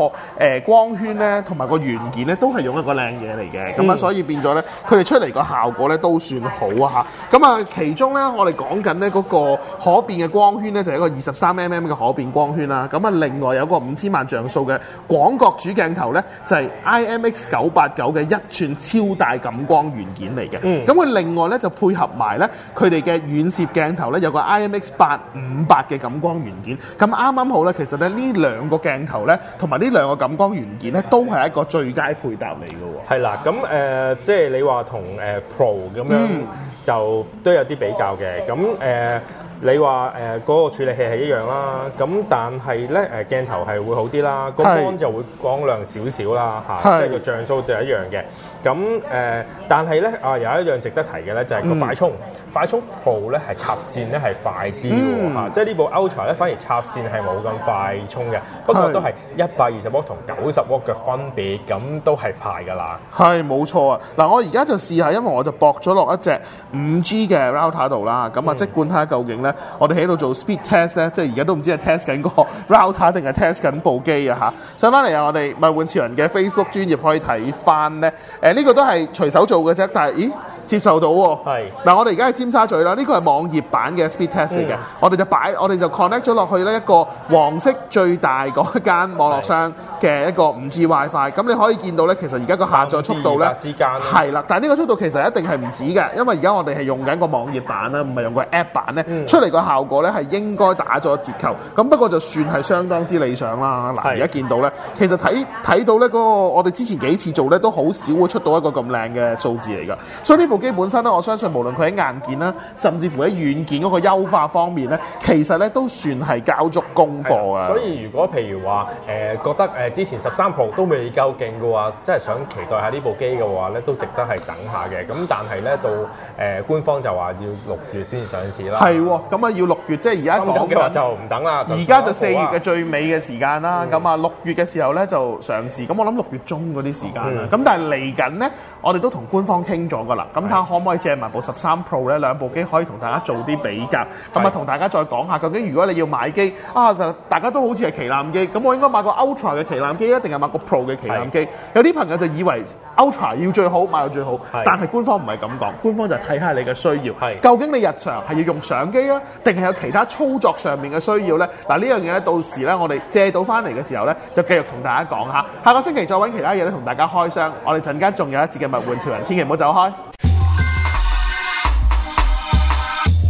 誒光圈咧，同埋個元件咧，都係用一個靚嘢嚟嘅，咁、嗯、啊，所以變咗咧，佢哋出嚟個效果咧都算好啊嚇。咁啊，其中咧我哋講緊咧嗰個可變嘅光圈咧，就係一個二十三 mm 嘅可變光圈啦。咁啊，另外有一個五千萬像素嘅廣角主鏡頭咧，就係 IMX 九八九嘅一寸超大感光元件嚟嘅。嗯。咁佢另外咧就配合。合埋咧，佢哋嘅遠攝鏡頭咧有個 IMX 八五八嘅感光元件，咁啱啱好咧，其實咧呢兩個鏡頭咧，同埋呢兩個感光元件咧，都係一個最佳配搭嚟嘅喎。係啦，咁、呃、即係你話同、呃、Pro 咁樣，嗯、就都有啲比較嘅，咁誒。呃你話誒嗰個處理器係一樣啦，咁但係咧誒鏡頭係會好啲啦，個光就會光亮少少啦嚇，即係個像素都一樣嘅。咁、啊、誒，但係咧啊，有一樣值得提嘅咧，就係個快充。嗯、快充部咧係插線咧係快啲喎、嗯啊、即係呢部 Ultra 咧反而插線係冇咁快充嘅。不過都係一百二十 W 同九十 W 嘅分別，咁都係快㗎啦。係冇錯啊！嗱，我而家就試下，因為我就駁咗落一隻五 G 嘅 router 度啦，咁啊即管睇下究竟咧。嗯我哋喺度做 speed test 咧，即係而家都唔知係 test 緊個 router 定係 test 緊部機啊嚇！上翻嚟啊，我哋物玩潮人嘅 Facebook 專頁可以睇翻咧。誒、這、呢個都係隨手做嘅啫，但係咦接受到喎。係，嗱我哋而家係尖沙咀啦，呢、這個係網頁版嘅 speed test 嚟嘅、嗯。我哋就擺，我哋就 connect 咗落去呢一個黃色最大嗰間網絡商嘅一個五 G WiFi。咁你可以見到咧，其實而家個下載速度咧之間係啦，但係呢但這個速度其實一定係唔止嘅，因為而家我哋係用緊個網頁版啦，唔係用個 app 版咧。嗯出嚟個效果咧係應該打咗折扣，咁不過就算係相當之理想啦。嗱，而家見到咧，其實睇睇到咧、那、嗰個我哋之前幾次做咧都好少會出到一個咁靚嘅數字嚟㗎，所以呢部機本身咧，我相信無論佢喺硬件啦，甚至乎喺軟件嗰個優化方面咧，其實咧都算係交足功課㗎。所以如果譬如話誒覺得誒之前十三 Pro 都未夠勁嘅話，即係想期待下呢部機嘅話咧，都值得係等一下嘅。咁但係咧到誒官方就話要六月先上市啦。係。咁啊，要六月，即係而家講嘅就唔等啦。而家就四月嘅最尾嘅時間啦。咁、嗯、啊，六月嘅時候咧就嘗試，咁我諗六月中嗰啲時間啦。咁、嗯、但係嚟緊咧，我哋都同官方傾咗噶啦。咁睇下可唔可以借埋部十三 Pro 咧，兩部機可以同大家做啲比較，咁啊，同大家再講下究竟如果你要買機啊，就大家都好似係旗艦機，咁我應該買個 Ultra 嘅旗艦機，一定係買個 Pro 嘅旗艦機，有啲朋友就以為 Ultra 要最好，買到最好。但係官方唔係咁講，官方就睇下你嘅需要。係，究竟你日常係要用相機。定係有其他操作上面嘅需要呢？嗱，呢樣嘢咧，到時咧我哋借到翻嚟嘅時候呢，就繼續同大家講下。下個星期再揾其他嘢咧同大家開箱，我哋陣間仲有一節嘅物玩潮人，千祈唔好走開。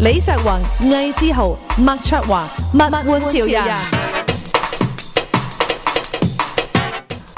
李石宏、魏志豪、麥卓華、物玩潮人。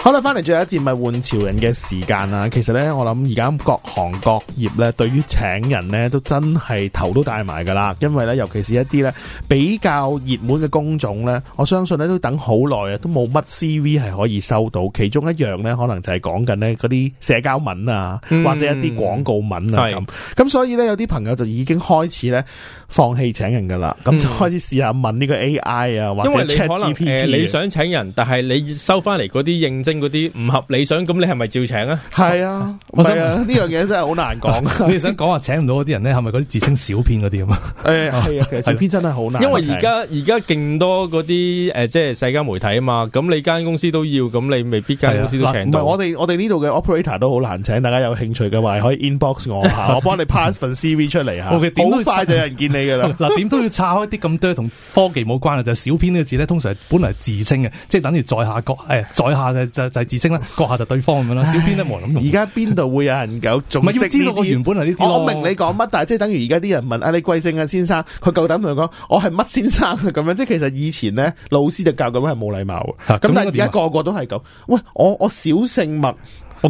好啦，翻嚟最後一節物玩潮人嘅時間啦。其實咧，我諗而家各行各業咧，對於請人咧，都真係頭都大埋噶啦。因為咧，尤其是一啲咧比較熱門嘅工種咧，我相信咧都等好耐啊，都冇乜 C V 係可以收到。其中一樣咧，可能就係講緊咧嗰啲社交文啊，嗯、或者一啲廣告文啊咁。咁、嗯、所以咧，有啲朋友就已經開始咧放棄請人噶啦。咁、嗯、開始試下問呢個 A I 啊，或者 chat G P T。可能 GPT,、呃、你想請人，但係你收翻嚟嗰啲應徵。嗰啲唔合理想，咁你係咪照請啊？係啊，呢樣嘢真係好難講。你想講話請唔到嗰啲人咧，係咪嗰啲自稱小編嗰啲啊？係、 哎、啊，其實小編真係好難。因為而家而家勁多嗰啲誒，即係世界媒體啊嘛。咁你間公司都要，咁你未必間公司都請到。唔係、啊、我哋我哋呢度嘅 operator 都好難請。大家有興趣嘅話，可以 inbox 我 我幫你 pass 一份 CV 出嚟吓。好、okay，快就有人見你噶啦。嗱， 點都要拆開啲咁多同科技冇關啊，就是、小編呢個字咧，通常係本嚟自稱嘅，即係等於在下誒、哎，在下就是。就係、是、自稱啦，閣下就對方咁樣啦，小編都冇諗用。而家邊度會有人狗？唔係知道原本係我明你講乜，但係即係等於而家啲人問啊，你貴姓啊，先生？佢夠膽同佢講，我係乜先生咁樣，即係其實以前咧，老師就教咁係冇禮貌。咁、啊嗯、但係而家個個都係咁，喂，我我小姓麥。」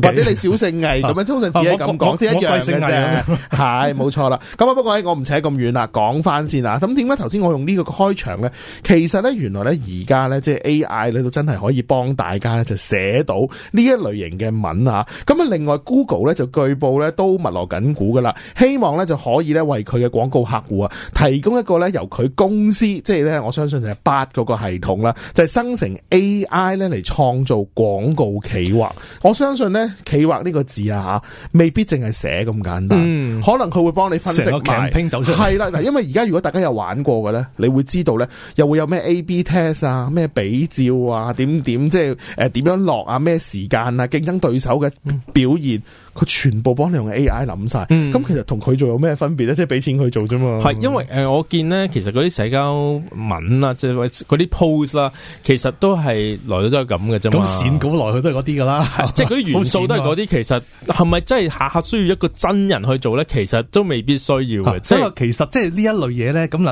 或者你小聖藝咁樣， 通常自己咁講，即係、就是、一樣嘅啫。係，冇錯啦。咁啊， 不過咧，我唔扯咁遠啦，講翻先啦。咁點解頭先我用呢個開場咧？其實咧，原來咧而家咧，即係 A I 咧，都真係可以幫大家咧，就寫到呢一類型嘅文啊。咁啊，另外 Google 咧就據報咧都密鑼緊鼓噶啦，希望咧就可以咧為佢嘅廣告客戶啊提供一個咧由佢公司，即係咧我相信就係八嗰個系統啦，就係、是、生成 A I 咧，嚟創造廣告企劃。我相信咧。企劃呢個字啊吓，未必淨係寫咁簡單，嗯、可能佢會幫你分析埋，係啦嗱，因為而家如果大家有玩過嘅咧，你會知道咧，又會有咩 AB test 啊，咩比照啊，點點，即係誒點樣落啊，咩時間啊，競爭對手嘅表現。嗯佢全部幫你用 A I 諗晒，咁、嗯、其實同佢做有咩分別咧？即係俾錢佢做啫嘛。係因為誒、嗯呃，我見咧，其實嗰啲社交文啊，即係嗰啲 post 啦，其實都係來到都係咁嘅啫嘛。咁線稿來去都係嗰啲㗎啦， 即係嗰啲元素都係嗰啲。其實係咪真係下下需要一個真人去做咧？其實都未必需要嘅。即、啊、係其實即係呢一類嘢咧，咁嗱，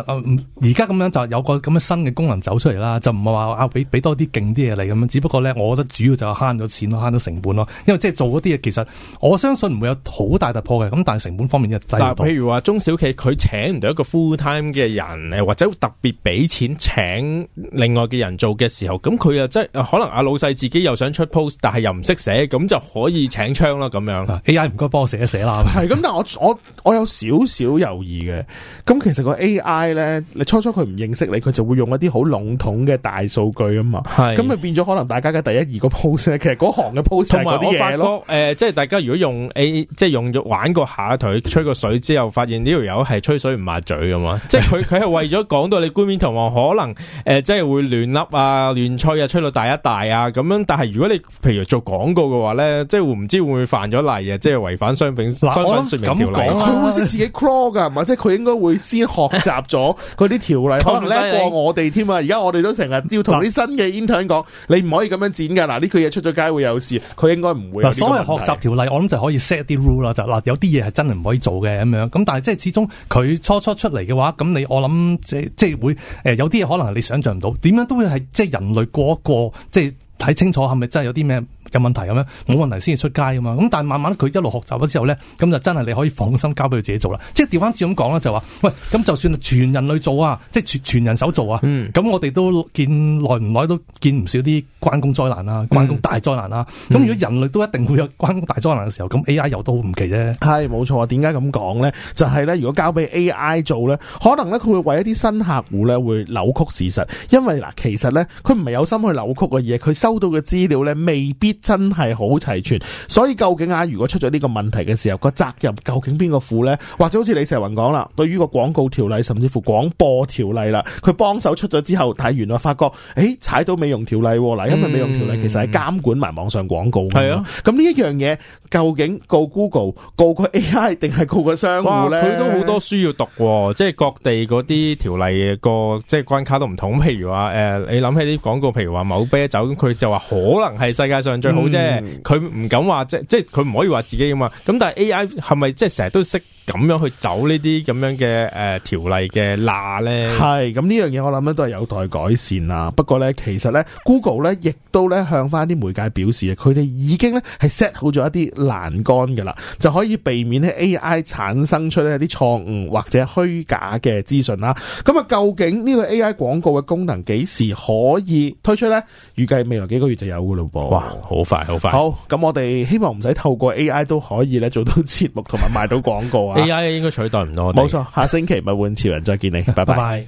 而家咁樣就有個咁嘅新嘅功能走出嚟啦，就唔係話啊俾俾多啲勁啲嘢嚟咁樣。只不過咧，我覺得主要就係慳咗錢咯，慳咗成本咯，因為即係做嗰啲嘢其實我。我相信唔會有好大突破嘅，咁但係成本方面就低。譬如話中小企佢請唔到一個 full time 嘅人，誒或者特別俾錢請另外嘅人做嘅時候，咁佢又即係可能阿老細自己又想出 post，但係又唔識寫，咁就可以請槍啦咁樣。A I 唔該幫我寫一寫啦，係咁，但係我我我有少少猶豫嘅，咁其實個 A I 咧，你初初佢唔認識你，佢就會用一啲好籠統嘅大數據啊嘛，咁咪變咗可能大家嘅第一二個 post，其實嗰行嘅 post 同埋啲嘢咯，誒、呃，即係大家如果用 A 即係用咗玩個下腿吹個水之後，發現呢條友係吹水唔抹嘴咁嘛 即係佢佢係為咗講到你冠冕堂皇可能誒、呃，即係會亂凹啊、亂吹啊、吹到大一大啊咁樣。但係如果你譬如做廣告嘅話咧，即係唔知會唔會犯咗例，違例啊？即係違反商品、違反說明條例，佢會先自己 crawl 噶，係 咪？佢應該會先學習咗嗰啲條例， 可能叻過我哋添啊！而家我哋都成日要同啲新嘅 intern 講，你唔可以咁樣剪噶。嗱，呢句嘢出咗街會有事，佢應該唔會。所謂學習條例，我諗。可以 set 啲 rule 啦，就嗱、是，有啲嘢係真係唔可以做嘅咁樣，咁但係即係始終佢初初出嚟嘅話，咁你我諗即係即係會誒，有啲嘢可能係你想象唔到，點樣都會係即係人類過一過，即係睇清楚係咪真係有啲咩？有問題咁樣，冇問題先至出街噶嘛。咁但係慢慢佢一路學習咗之後咧，咁就真係你可以放心交俾佢自己做啦。即係調翻轉咁講啦，就話喂，咁就算全人類做啊，即係全、全人手做啊，咁，嗯，我哋都見耐唔耐都見唔少啲關公災難啊，關公大災難啊。咁，嗯，如果人類都一定會有關公大災難嘅時候，咁 A.I. 又都唔奇啫。係冇錯啊。點解咁講咧？就係咧，如果交俾 A.I. 做咧，可能咧佢會為一啲新客戶咧會扭曲事實，因為嗱，其實咧佢唔係有心去扭曲嘅嘢，佢收到嘅資料咧未必。真係好齊全，所以究竟啊，如果出咗呢個問題嘅時候，個責任究竟邊個負呢？或者好似李石雲講啦，對於個廣告條例，甚至乎廣播條例啦，佢幫手出咗之後，睇完啊發覺，誒踩到美容條例嗱，因為美容條例其實係監管埋網上廣告。係、嗯、啊，咁呢一樣嘢究竟告 Google、告個 AI 定係告個商戶呢？佢都好多書要讀，即係各地嗰啲條例個即係關卡都唔同。譬如話、呃、你諗起啲廣告，譬如話某啤酒，佢就話可能係世界上最好、嗯、啫，佢唔敢話即即係佢唔可以話自己啊嘛。咁但係 A I 係咪即係成日都識？咁樣去走這這樣、呃、呢啲咁樣嘅誒條例嘅罅咧，係咁呢樣嘢我諗咧都係有待改善啦。不過咧，其實咧 Google 咧，亦都咧向翻啲媒介表示啊，佢哋已經咧係 set 好咗一啲欄杆噶啦，就可以避免咧 AI 產生出一啲錯誤或者虛假嘅資訊啦。咁啊，究竟呢個 AI 廣告嘅功能幾時可以推出咧？預計未來幾個月就有噶咯噃。哇，好快，好快。好，咁我哋希望唔使透過 AI 都可以咧做到節目同埋賣到廣告啊。 AI 應該取代唔到我哋。冇錯。下星期《物玩潮人》再見你，拜拜。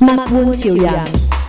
物玩潮人。 拜拜。